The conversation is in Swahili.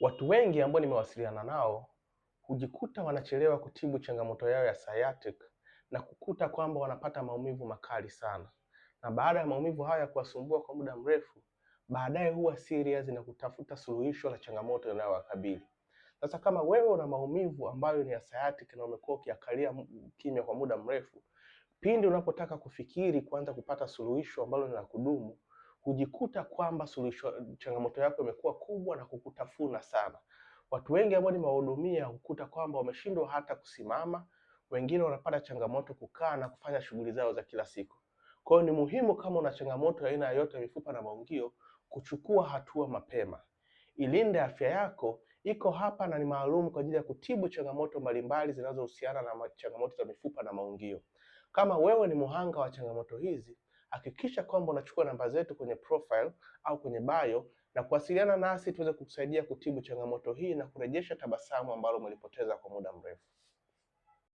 Watu wengi ambao nimewasiliana nao hujikuta wanachelewa kutibu changamoto yao ya sciatic na kukuta kwamba wanapata maumivu makali sana, na baada ya maumivu hayo ya kuwasumbua kwa muda mrefu, baadaye huwa serious na kutafuta suluhisho la changamoto inayowakabili. Sasa kama wewe una maumivu ambayo ni ya sciatic na umekuwa ukiakalia kimya kwa muda mrefu, pindi unapotaka kufikiri kuanza kupata suluhisho ambalo ni la kudumu, kujikuta kwamba suluhisho changamoto yako imekuwa kubwa na kukutafuna sana. Watu wengi ambao nimewahudumia hukuta kwamba wameshindwa hata kusimama, wengine wanapata changamoto kukaa na kufanya shughuli zao za kila siku. Kwa hiyo ni muhimu kama una changamoto ya aina yoyote ya mifupa na maungio kuchukua hatua mapema. Ilinde Afya Yako iko hapa na ni maalum kwa ajili ya kutibu changamoto mbalimbali zinazohusiana na changamoto za mifupa na maungio. Kama wewe ni muhanga wa changamoto hizi hakikisha kwamba unachukua namba zetu kwenye profile au kwenye bio na kuwasiliana nasi tuweze kukusaidia kutibu changamoto hii na kurejesha tabasamu ambalo umelipoteza kwa muda mrefu.